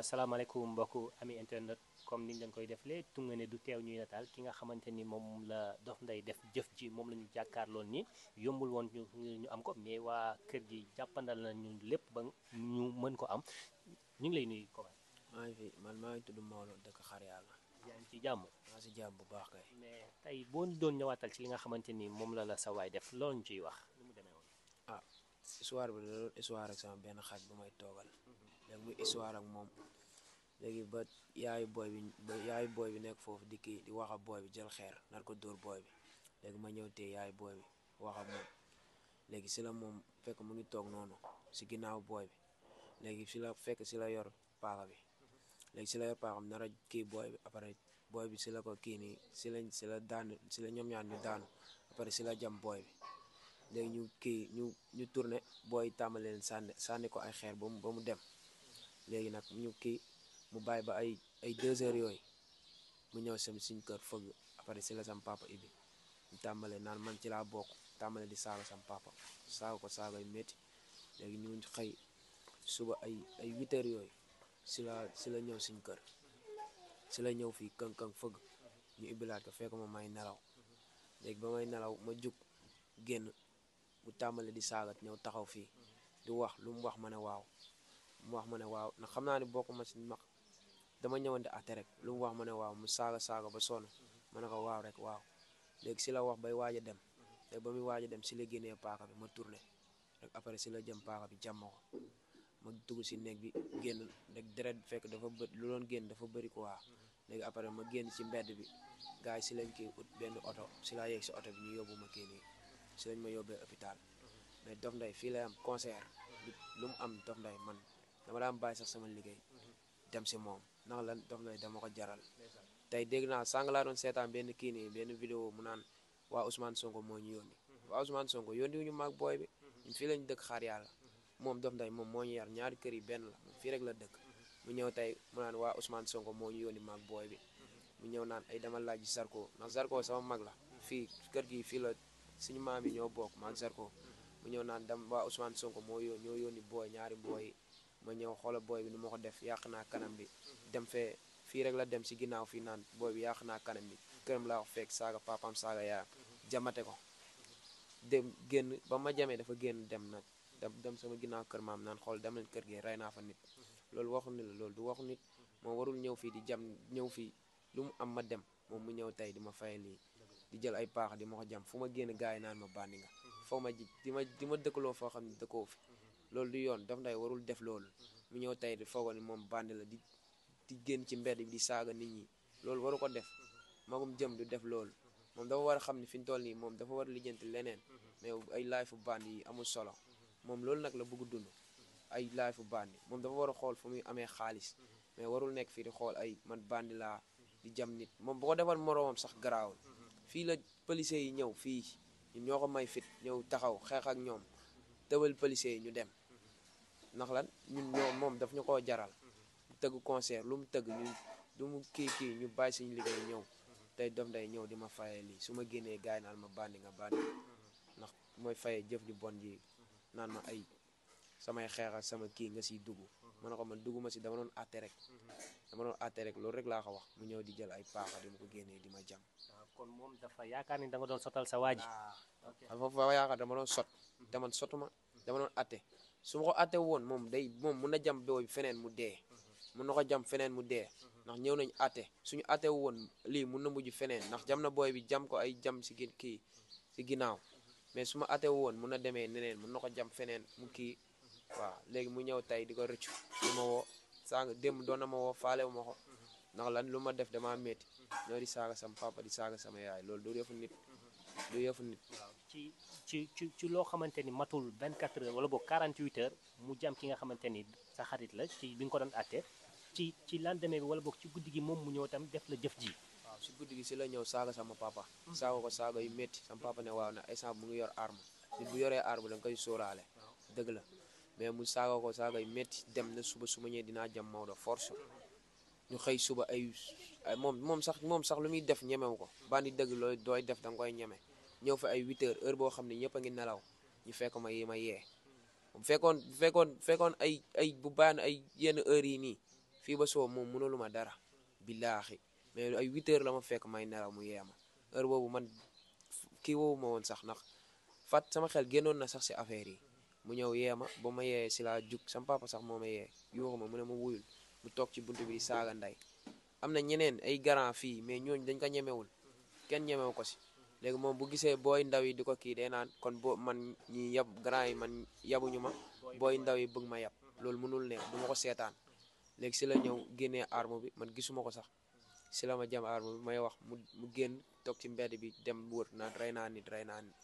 waaw salaamaaleykum mbokku ami internet comme niñ leen koy deflee tunga ne du teew ñuy nataal ki nga xamante ni moom la Dof Ndeye def jëf ji moom la ñu jàkkaarloon ni yombul woon ñu ñu am ko mais waa kër gi jàppandal na ñu lépp ba ñu mën ko am ñu ngi lay nuyu ko maa ngi fi man maa ngi tudd Maodo dëkk xar yàlla yaa ci jàmm maa si jàmm bu baax kay mais tey boo doon ñëwaatal ci li nga xamante ni moom la la sa waay def loolu ñu ciy wax lu mu demee woon ah histoire bi loolu histoire ak sama benn xaaj bu may toogal mhm. léegi muy histoire ak moom léegi ba yaayu booy bi ba yaayu booy bi nekk foofu di kii di wax ak booy bi jël xeer nar ko dóor booy bi léegi ma ñëw tee yaayu booy bi wax moom léegi si la moom fekk mu ngi toog noonu si ginnaaw booy bi léegi si la fekk si la yor paaka bi léegi si la yor paaka bi nar a kii booy bi après booy bi si la ko kii nii si lañ si la daanu si la ñoom ñaar ñu daanu après si la jam booy bi léegi ñu kii ñu ñu tourné booy tàmbaleen sànni sànni ko ay xeer ba mu ba mu dem léegi mu bàyyi ba ay ay deux yooyu mu ñëw sam siñ kër fëgg après si la sam papa ibi tàmbale naan man ci laa bokk tàmbale di saaga sam papa saaga ko saaga yu métti léegi ñu xëy suba ay ay huit yooyu si la si la ñëw siñ kër si la ñëw fii këŋ-këŋ fëgg ñu ibilaat ko fekk ma may nelaw léegi ba may nelaw ma jug génn mu tàmbale di saagat ñëw taxaw fii di wax lu mu wax ma ne waaw mu wax ma ne waaw ndax xam naa ne bokk ma si mag dama ñëwante atte rek lu mu wax ma ne waaw mu saaga saaga ba sonn ma ne ko waaw rek waaw léegi si la wax bay waaja dem léegi ba muy waaj a dem si la génnee paaka bi ma tourné rek si la jëm paaka bi jàmm ma dugg si néeg bi génn rek deret fekk dafa bëri lu doon génn dafa bëri quoi léegi après ma génn ci mbedd bi gars si lañ koy benn oto si laa yegg si oto bi ñu yóbbu ma kii nii ma yóbbee hôpital mais Dof Ndeye fii la am concert lu mu am Dof Ndeye man dama daan bàyyi sax sama liggéey dem si moom. ndax lan daf lay dama ko jaral tey dégg naa sàng laa doon seetaan benn kii nii benn vidéo mu naan waa Ousmane Sonko moo ñu yónni waa Sonko yónni ñu maag booy bi fii lañ dëkk xaar yàlla moom Dof Ndeye moo ñu ñaari kër yi benn fii rek la dëkk mu ñëw tey mu naan waa Ousmane Sonko moo ñu yónni maag booy bi mu ñëw naan ay dama laaj Zarko ndax Zarko sama mag la fii kër gi fii la suñu maam yi ñoo bokk maag Zarko mu ñëw naan dam waa Ousmane Sonko moo ñoo yónni booy ñaari booy ma ñëw xoola booy bi nu ma ko def yàq naa kanam bi dem fee fii rek la dem si ginnaaw fii naan booy bi yàq naa kanam bi këram laa wax fekk saaga papaam saaga yaayam jamate ko dem génn ba ma jamee dafa génn dem nag dem sama ginnaaw kër maam naan xool demal kër gi rey naa fa nit loolu waxu nit la loolu du waxu nit moo warul ñëw fii di jam ñëw fii lu mu am ma dem moom mu ñëw tey di ma fay lii di jël ay paax di ma ko jam fu ma génn gars yi naan ma bandi nga foo ma ji di ma di ma dëkkaloo foo xam ne dëkkoo fi loolu du yoon Dame Nday warul def loolu mu ñëw tey di foogoo moom bandi la di di génn ci mbedd bi di saaga nit ñi loolu waru ko def magum jëm du def loolu moom dafa war a xam ni fi ñu toll nii moom dafa war a lijjanti leneen ay laay fu bandi amul solo moom loolu nag la bëgg dund ay laay fu moom dafa war a xool fu muy amee xaalis mais warul nekk fii di xool ay man bandi laa di jam nit moom bu ko defal moroomam sax garaawul fii la policiers yi ñëw fii ñun ñoo ko may fit ñëw taxaw xeex ak ñoom tëbal policiers yi ñu dem ndax lan ñun ñoo moom daf ñu ko jaral tëgg concert lu mu tëgg ñun du mu kii kii ñu bàyyi suñu liggéey ñëw tey doom day ñëw di ma fayee lii su ma génnee gars yi naan ma bandi nga bandi ndax mooy fayee jëf li bon ji naan ma ay samay xeexal sama kii nga siy dugg ma ne ko man dugg ma si dama doon àtte rek dama rek loolu rek laa ko wax mu ñëw di jël ay paaxa di ma ko génnee di ma jam ah, kon moom dafa yaakaar ni da doon sotal sa waa ji ah, dafa yaakaar dama doon sot te man sotuma dama doon suma ma ko atte woon moom day moom mun a jam booy feneen mu dee mhm. mun na ko jam feneen mu dee mhm. ndax ñëw nañu ate suñu atte woon lii mun na mujj feneen ndax jam na booy bi jam ko ay jam si kii si ginnaaw mhm. mais su ma atte woon mun na demee neneen mun na ko jam feneen mu kii waaw léegi mu ñëw tey di ko rëccu li ma woo saaga démb doon na ma woo faale wu ma ko ndax lan lu ma def damaa métti ñoo di saaga sama papa di saaga sama yaay loolu du yëfu nit du yëfu nit ci ci ci ci loo xamante ni matul 24 heures wala boog 48 heures mu jam ki nga xamante ni sa xarit la ci bi nga ko doon àtte ci ci lendemain bi wala boog ci guddi gi moom mu ñëw tam def la jëf ji. waaw guddi gi si la ñëw saaga sama papa. saaga ko saaga yu métti sama papa ne waaw na instant mu ngi yor arme bu yoree arme da koy sóoraale. dëgg la mais mu saaga ko saaga yu métti dem na suba su ma ñëwee dinaa jam Maodo force. ñu xëy suba ay moom moom sax moom sax lu muy def ñemewu ko. bandi dëgg looy dooy def da nga koy ñeme. ñëw fa ay 8 heures heure boo xam ne ñëpp ngi nelaw ñu fekk ma yi ma yee bu fekkoon bu fekkoon fekkoon ay ay bu baan ay yenn heures yi nii fii ba soo moom mënalu ma dara billaaxi mais ay 8 la ma fekk may nelaw mu yee ma heure boobu man kii ma woon sax ndax fat sama xel génnoon na sax si affaire yi mu ñëw yee ma ba ma yee si laa jug sama sax moo ma yee ma mu ne mu wuyul mu toog ci bunt bi saaga nday am na ñeneen ay garant fii mais ñooñ dañ ko ñemewul kenn ñemewu ko si léegi moom bu gisee booy ndaw yi di ko kii day naan kon man ñi yab grand yi man yabuñu ma booy ndaw yi bëgg ma yab loolu mënul ne du ma ko seetaan léegi si la ñëw génnee arme bi man gisuma ko sax si la ma may wax mu mu génn toog ci mbedd bi dem wër naan rey naa nit rey naa nit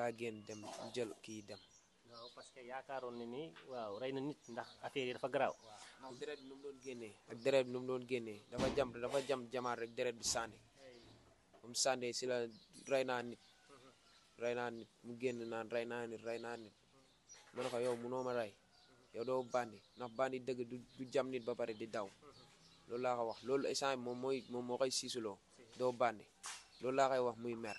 laa génn dem jël kii dem. waaw parce que yaakaaroon na ni waaw rey na ndax affaire yi dafa garaaw. waaw deret bi nu mu génnee ak deret nu mu doon génnee dafa jam dafa jam jamaar rek deret bi sànni. ba mu sànnee si la rey naa nit rey naa mu génn naan rey naa nit rey naa nit ko yow munoo ma rey yow doo bandi ndax bandi dëgg du jam nit ba pare di daw loolu laa ko wax loolu instant moom mooy moom moo koy siisuloo doo bandi loolu laa koy wax muy mer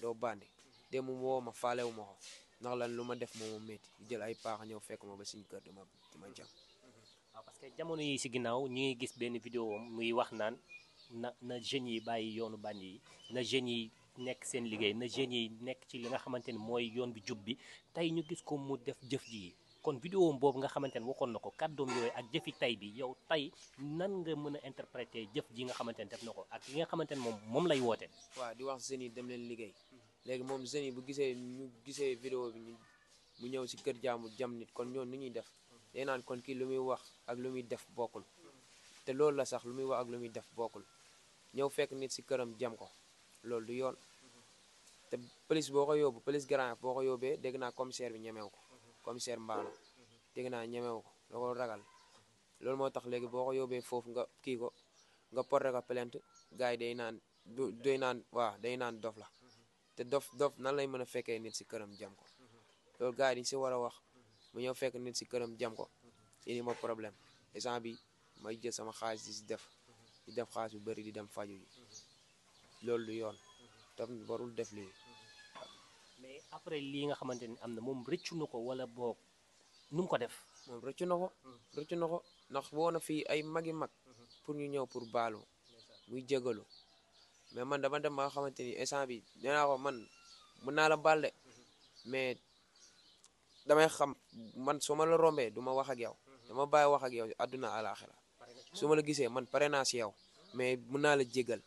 doo bandi démb mu woo ma faalewu ma ko ndax lan lu ma def moom moo métti jël ay paax ñëw fekk ma ba suñu kër dama dama jam parce que jamono yi si ginnaaw ñu gis benn muy wax naan na na jeunes yi bàyyi yoonu bànn yi na jeunes yi nekk seen liggéey na jeunes yi nekk ci li nga xamante ni mooy yoon bi jub bi tey ñu gis ko mu def jëf ji kon vidéo boobu nga xamante ne waxoon na ko kàddoom yooyu ak jëfi tay bi yow tey nan nga mën a interpréter ji nga xamante ne def na ko ak li nga xamante ne moom moom lay woote. waaw di wax jeunes yi dem leen liggéey léegi moom jeunes yi bu gisee ñu gisee vidéo bi ñu mu ñëw si kër jaamu jam nit kon ñoon ni ñuy def day naan kon kii lu muy wax ak lu muy def bokkul te loolu la sax lu muy wax ak lu muy def bokkul ñëw fekk nit si këram jam ko loolu du yoon te police boo ko yóbbu police grand boo ko yóbbee dégg naa commissaire bi ñemew ko commissaire Mbaalo dégg naa ñemew ko da ragal loolu moo tax léegi boo ko yóbbee foofu nga kii ko nga porté ko plainte gars yi day naan du day naan waaw day naan dof la te dof dof nan lay mën a fekkee nit si këram jam ko loolu gars yi si war a wax mu ñëw fekk nit si këram jam ko indi ma problème instant bi may jël sama xaalis di si def di def xaalis bu bëri di dem faju yi loolu du yoon tam warul def lii mais après lii nga xamante ni am na moom rëccu na ko wala boog nu ko def moom rëccu na ko rëccu na ko na fii ay magi mag pour ñu ñëw pour baalu muy jégalu mais man dama dem ba nga xamante ni instant bi nee naa ko man mën naa la baal de mais damay xam man su ma la rombee du ma wax ak yow dama bàyyi wax ak yow àdduna àlaaxira su ma la gisee man pare naa si yow mais mun naa la jégal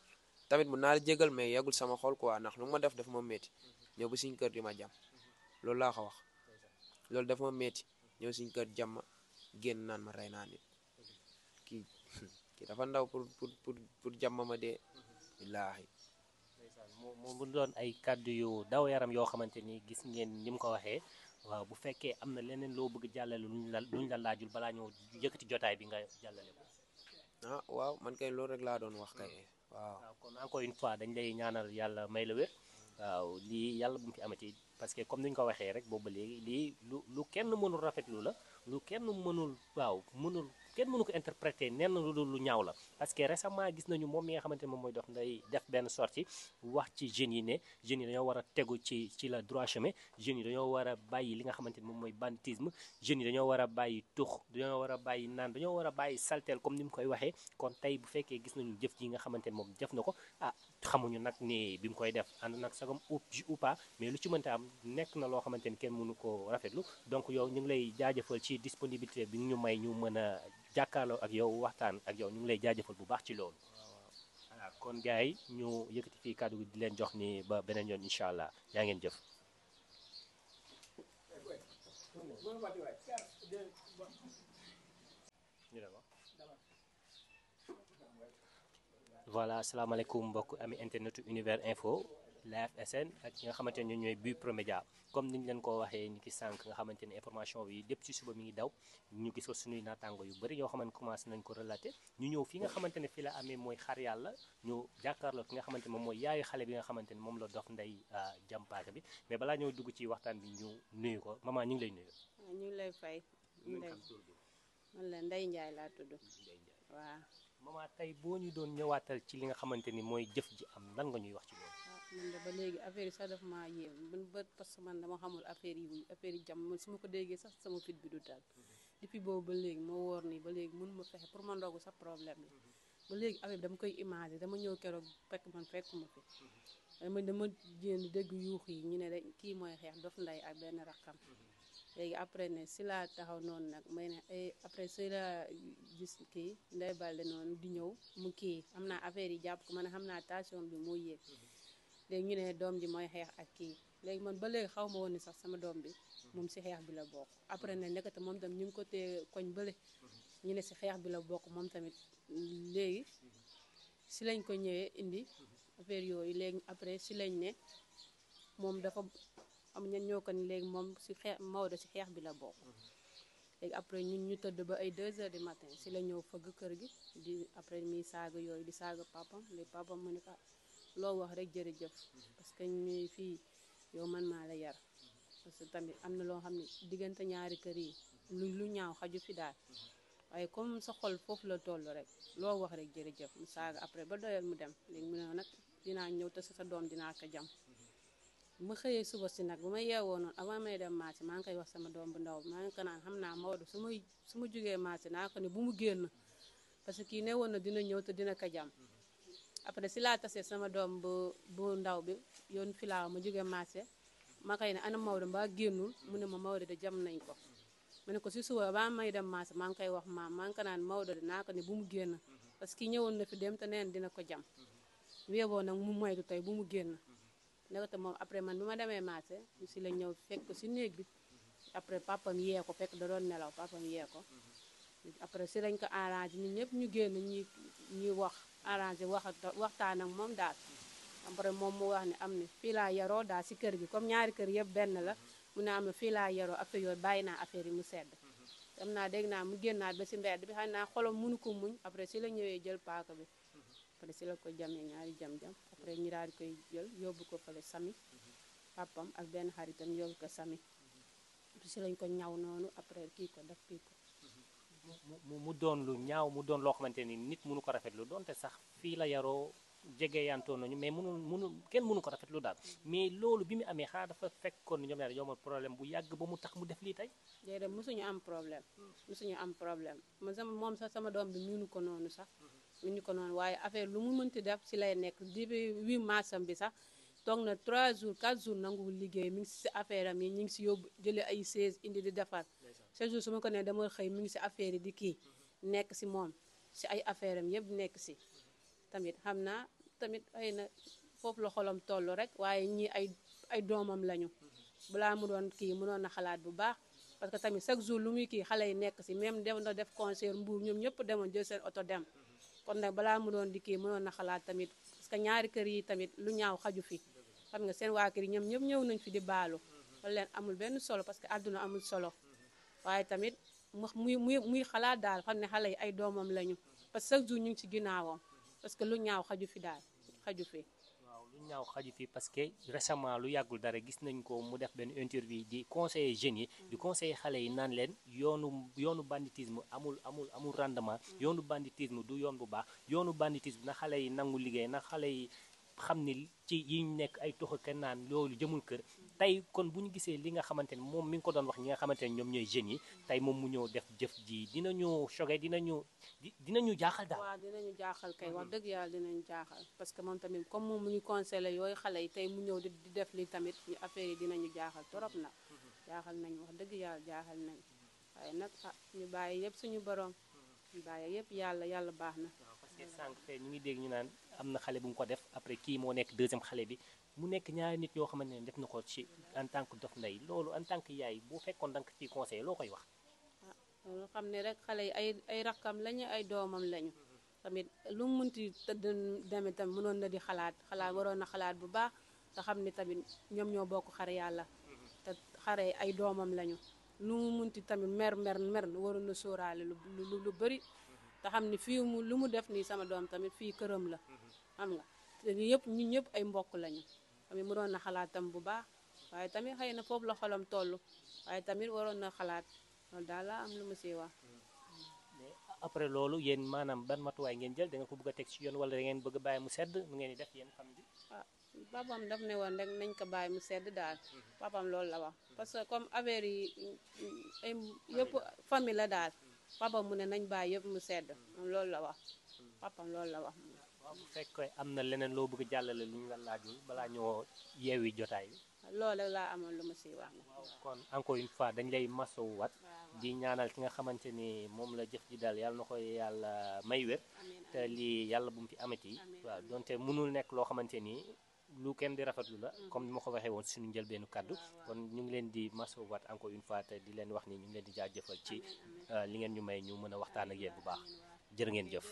tamit mu naa la jégal mais yegul sama xol quoi ndax lu ma def dafa ma métti ñëw ba suñ kër di ma jàmm loolu laa ko wax loolu dafa ma ñëw suñ kër jàmm génn naan ma rey naa nit kii dafa ndaw pour pour pour pour jàmm ma dee billaahi mu doon ay kàddu yu daw yaram yoo xamante ni gis ngeen ni mu ko waxee waaw bu fekkee am na leneen loo bëgg jàllale lu ñu luñ la laajul balaa ñëw yëkkati jotaay bi nga jàllale ko. ah waaw man kay loolu rek laa doon wax kay. waaw kon encore une fois dañ lay ñaanal yàlla may la wér. waaw lii yàlla bu mu fi amati parce que comme ni ñu ko waxee rek boobu ba léegi lii lu lu kenn mënul rafetlu la lu kenn mënul waaw mënul kenn mënu ko interpréter nenn lu dul lu ñaaw la parce que récemment gis nañu moom mi nga xamante ne moom mooy dox nday def benn sortie wax ci jeunes yi ne jeunes yi dañoo war a tegu ci ci la droit chemin jeunes yi dañoo war a bàyyi li nga xamante ne moom mooy banditisme jeunes yi dañoo war a bàyyi tux dañoo war a bàyyi naan dañoo war a bàyyi salteel comme ni mu koy waxee kon tey bu fekkee gis nañu jëf ji nga xamante ne moom jëf na ko ah xamuñu nag ni bi mu koy def ànd nag sagam ou pas mais lu ci mënta am nekk na loo xamante ni kenn mënu ko rafetlu donc yow ñu ngi lay jaajëfal ci disponibilité bi ñu may ñu mën a jàkkaarloo ak yow waxtaan ak yow ñu ngi lay jaajëfal bu baax ci loolu kon gars ñu yëkkati fii kàddu gi di leen jox ni ba beneen yoon incha allah yaa ngeen jëf voilà salaamaaleykum mbokk ami internetu univers info Live SN ak nga xamante ne ñooy Big Pro Media comme niñ leen ko waxee ñu ki sànq nga xamante ne information bi lépp ci suba mi ngi daw ñu gis ko suñuy naataango yu bëri ñoo xamante commencé nañ ko relaté ñu ñëw fi nga xamante ne fi la mooy xar yàlla ñu jàkkaarloo ki nga xamante moom mooy yaayu xale bi nga xamante ne moom la dof ndey ah, jàmpaaka bi mais balaa ñëw dugg ci waxtaan bi ñu nuyu ko maman ñu ngi lay nuyu. ñu ngi lay fay. man la Ndeye Ndiaye laa tudd. waaw. maman tey boo ñu doon ñëwaatal ci li nga xamante ni mooy jëf ji am lan nga ñuy wax ci loolu man de ba léegi affaire yi man ba parce que man dama xamul affaire yi affaire yi jàmm man ma ko déggee sax sama fit bi du dal depuis boobu ba léegi moo woor nii ba léegi mun ma fexe pour ma ndogu sax problème la ba léegi affaire bi koy imaginer dama ñëw keroog fekk man fekkuma fi dama dama jéem dégg yuux yi ñu ne de kii mooy xeex dof nday ak benn rakkam léegi après ne si laa taxaw noonu nag may ne eh, après si laa gis kii nday balde noonu di ñëw mu kii xam naa affaire yi jàpp ko man xam naa tension bi moo yéeg léegi ñu ne doom ji mooy xeex ak kii léegi man ba léegi xaw ma woon ni sax sama doom bi moom si xeex bi la bokk après ne nekkate moom tam ñu ngi ko téye koñ bële mhm. ñu ne si xeex bi la bokk moom tamit léegi si lañ ko ñëwee indi affaire yooyu léegi après si lañ ne moom dafa am ñan ñoo ko ni moom si xeex Maodo si xeex bi la bokk mhm. léegi après ñun ñu tëdd ba ay 2 heures du matin si la ñëw fëgg kër gi di après muy saaga yooyu di saaga papam léegi papam mu ne loo wax rek jërëjëf parce que ñu fii yow man maa la yar parce que tamit am na loo xam ne diggante ñaari kër yi lu lu ñaaw xaju fi daal waaye comme sa xol foofu la toll rek loo wax rek jërëjëf mu saaga après ba doyal mu dem léegi mu ne nag dinaa ñëw te sa doom dinaa ko jam ma xëyee suba si nag bu ma yeewoo noonu avant may dem marché maa ngi koy wax sama doom bu ndaw maa ngi ko xam naa Maodo su ma su ma jógee marché naa ko ne bu mu génn parce que kii ne woon na dina ñëw te dina ko jam après si laa tasee sama doom bu bu ndaw bi yoon filaaw ma jóge marché ma koy ne ana Maodo mbaa génnul mu ne ma Maodo de jam nañ ko ma ne ko si suba baa may dem marché maa ngi koy wax maam maa ngi ko naan Maodo de naa ko ne bu mu génn parce que ñëwoon na fi dem te neen dina ko jam weeboo nag mu moytu tey bu mu génn nekkate moom après man bi ma demee marché si la ñëw fekk si néeg bi après papa yee ko fekk da doon nelaw papam yee ko après si lañ ko arrangé ñun ñu ñuy wax arrangé wax waxtaan ak moom daal après moom mu wax ne am na fii laa yaroo daal si kër gi comme ñaari kër yëpp benn la mu ne am na fii laa yaroo affaire yooyu bàyyi naa affaire yi mu sedd xam naa dégg naa mu génnaat ba si mbedd bi xam naa mu mënu ko muñ après si la ñëwee jël paaka bi après si la ko jamee ñaari jam-jam après ñu daal di koy jël yóbbu ko fële sami papam ak benn xaritam yóbbu ko sami si lañ ko ñaw noonu après kii ko def kii ko mu mu doon lu ñaaw mu doon loo xamante ni nit mënu ko rafetlu donte sax fii la yaroo jege yantoo nañu mais mënu mënu kenn mënu ko rafetlu daal mais loolu bi mu amee xanaa dafa fekkoon ñoom ñaar yomal problème bu yàgg ba mu tax mu def lii tey. déedéet mosuñu am problème mosuñu am problème man sama moom sax sama doom bi mu nu ko noonu sax. miinu ko noonu waaye affaire lu mu mënti def si lay nekk depuis 8 marsam bi sax. toog na 3 jour 4 jours nanguwul liggéey mi ngi si affaire am yi ñu ngi si yóbbu jëlee ay 16 indi di defar. chaque jour su ma ko nee dama xëy mu ngi si affaire yi di kii nekk si moom si ay affaire am yëpp nekk si tamit xam naa tamit ay na foofu la xolam toll rek waaye ñii ay ay doomam lañu balaa mu doon kii mënoon na xalaat bu baax parce que tamit chaque jour lu muy kii xale yi nekk si même dem na def concert mbuur ñoom ñëpp demoon jël seen oto dem kon nag balaa mu doon di kii mënoon na xalaat tamit parce ñaari kër yi tamit lu ñaaw xaju fi xam nga seen waa kër yi ñëpp ñëw nañ fi di baalu wala leen amul benn solo parce que àdduna amul solo waaye tamit muy muy muy xalaat daal xam ne xale yi ay doomam lañu parce que chaque ñu ngi ci ginnaawam parce que lu ñaaw xaju fi daal xaju fi. waaw lu ñaaw xaju fi parce que récemment lu yàggul dara gis nañ ko mu def benn interview di conseiller jeunes yi di conseiller xale yi naan leen yoonu yoonu banditisme amul amul amul rendement yoonu banditisme du yoon bu baax yoonu banditisme na xale yi nangu liggéey na xale yi xam ni ci yi ñu nekk ay toxu kenn naan loolu jëmul kër tey kon bu ñu gisee li nga xamante ne moom mi ngi ko doon wax ñi nga xamante ne ñoom ñooy jeunes yi tey moom mu ñëw def jëf ji dinañu choqué dinañu dinañu jaaxal daal. waaw dinañu jaaxal kay wax dëgg yàlla dinañu jaaxal parce que moom tamit comme moom mu ñu conseillé yooyu xale yi tey mu ñëw di def lii tamit ñu affaire yi dinañu jaaxal trop na mm-hmm. jaaxal nañu wax dëgg yàlla jaaxal nañ waaye nag ah ñu bàyyi yëpp suñu borom. bàyyi yëpp yàlla yàlla baax na. waaw que sànq ñu ngi dégg ñu naan am na xale bu mu ko def après kii moo nekk deuxième xale bi mu nekk ñaari nit yoo xamante ne def na ko ci en tant que Dof loolu en tant que yaay boo fekkoon da nga ko ciy loo koy wax. Ah, loolu xam ne rek xale yi ay ay rakkam lañu ay doomam lañu tamit lu mu munti tëdd demee tamit mënoon na di xalaat xalaat waroon na xalaat bu baax te xam ne tamit ñoom ñoo bokk xar yàlla mm-hmm. te xare yi ay doomam lañu nu mu munti tamit mer mer mer waroon na sóoraale lu bari lu te xam ni fii mu lu mu def nii sama doom tamit fii këram la xam nga te yëpp ñun ñëpp ay mbokk lañu tamit mu doon na xalaatam bu baax waaye tamit xay na foofu la xolam toll waaye tamit waroon na xalaat loolu daal laa am lu ma siy wax après loolu yéen maanaam ban matuwaay ngeen jël da nga ko bëgg a teg ci yoon wala da ngeen bëgg a mu sedd nu ngeen di def yéen xam bi papam daf ne woon rek nañ ko bàyyi mu sedd daal mhm. papam loolu la wax parce que comme affaire yi mm, mm, ay yëpp la daal mhm. papam mu ne nañ bàyyi yëpp mu sedd mhm. loolu la wax papam loolu la wax waaw bu fekkee am na leneen loo bëgg jàllale lu ñu la laajul balaa ñoo yeewi jotaay bi loolu laa am lu ma siy wax kon encore une fois dañ lay masowuwaat di ñaanal ki nga xamante ni moom la jëf ji daal yàlla na koy yàlla may wér te lii yàlla bu mu fi amati waaw donte mënul nekk loo xamante nii lu kenn di rafetlu la mm. comme ni ma ko waxee woon suñu njëlbeenu kàddu kon ñu ngi leen di masowaat encore une fois te di leen wax ni ñu ngi leen di ci euh, li ngeen ñu may ñu mën a waxtaan ak yéen bu baax jërë ngeen jëf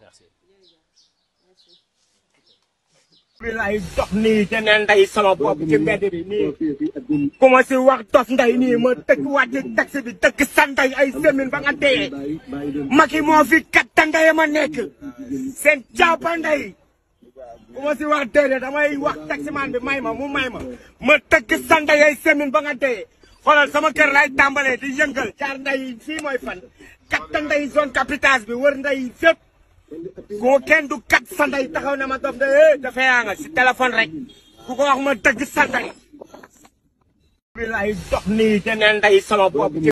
merci. bi lay dox nii te ne ndey sama bopp ci mbedd ma si wax dof ndey nii ma tëj wàcc taxi bi dëkk sa ndey ay semaine ba nga dee Macky moo fi kat ta ma nekk seen jàppa ndey bu ma si wax déedéet damay wax taximaan bi may ma mu may ma ma tëkk sa ndeyay semin ba nga dee xoolal sama kër lay tàmbalee di yëngal jaar nday fii mooy fan kat ta nday zone capitale bi wër nday fépp koo kenn du kat sa ndey taxaw na ma dof de é eh, dafa yaa nga si téléphone rek ku wax ma dëgg sa ndey bi lay dox dene nday sama bopp